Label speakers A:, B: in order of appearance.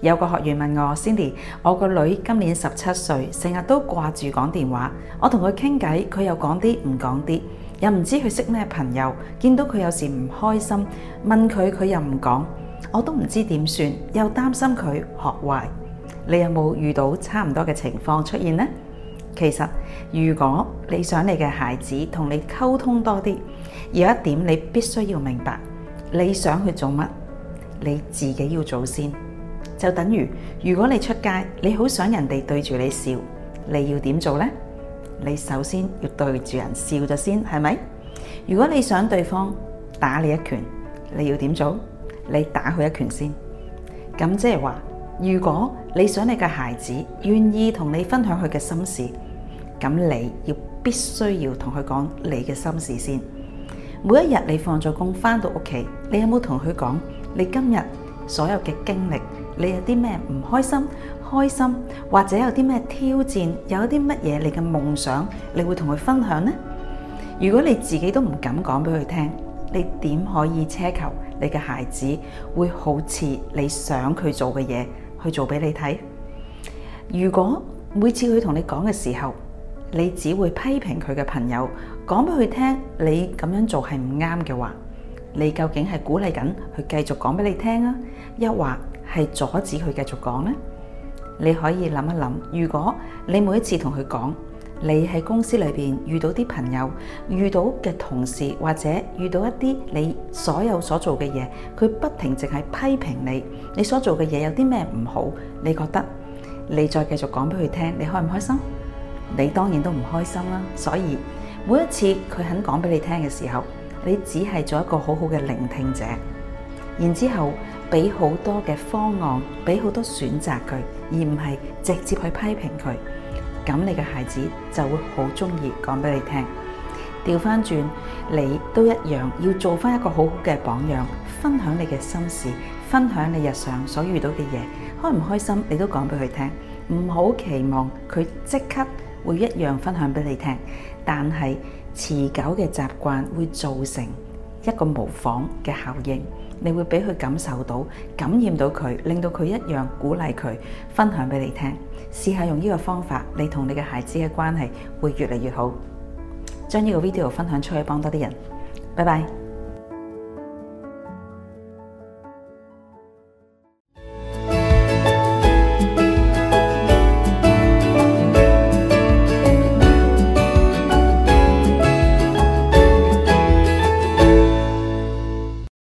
A: 有個學員問我 Cindy，我個女今年十七歲，成日都掛住講電話。我同佢傾偈，佢又講啲唔講啲，又唔知佢識咩朋友。見到佢有時唔開心，問佢佢又唔講，我都唔知點算，又擔心佢學壞。你有冇遇到差唔多嘅情況出現呢？其實如果你想你嘅孩子同你溝通多啲，有一點你必須要明白，你想去做乜，你自己要做先。就等於，如果你出街，你好想人哋對住你笑，你要點做呢？你首先要對住人笑咗先，係咪？如果你想對方打你一拳，你要點做？你打佢一拳先。咁即係話，如果你想你嘅孩子願意同你分享佢嘅心事，咁你要必須要同佢講你嘅心事先。每一日你放咗工翻到屋企，你有冇同佢講你今日所有嘅經歷？你有啲咩唔開心？開心或者有啲咩挑戰，有啲乜嘢？你嘅夢想，你會同佢分享呢？如果你自己都唔敢講俾佢聽，你點可以奢求你嘅孩子會好似你想佢做嘅嘢去做俾你睇？如果每次佢同你講嘅時候，你只會批評佢嘅朋友，講俾佢聽你咁樣做係唔啱嘅話，你究竟係鼓勵緊佢繼續講俾你聽啊？抑或，係阻止佢繼續講呢？你可以諗一諗，如果你每一次同佢講，你喺公司裏邊遇到啲朋友，遇到嘅同事或者遇到一啲你所有所做嘅嘢，佢不停淨係批評你，你所做嘅嘢有啲咩唔好？你覺得你再繼續講俾佢聽，你開唔開心？你當然都唔開心啦。所以每一次佢肯講俾你聽嘅時候，你只係做一個好好嘅聆聽者，然之後。俾好多嘅方案，俾好多選擇佢，而唔係直接去批評佢。咁你嘅孩子就會好鍾意講俾你聽。調翻轉，你都一樣要做翻一個好好嘅榜樣，分享你嘅心事，分享你日常所遇到嘅嘢，開唔開心你都講俾佢聽。唔好期望佢即刻會一樣分享俾你聽，但係持久嘅習慣會造成，一個模仿嘅效應，你會俾佢感受到、感染到佢，令到佢一樣鼓勵佢分享俾你聽。試下用呢個方法，你同你嘅孩子嘅關係會越嚟越好。將呢個 video 分享出去，幫多啲人。拜拜。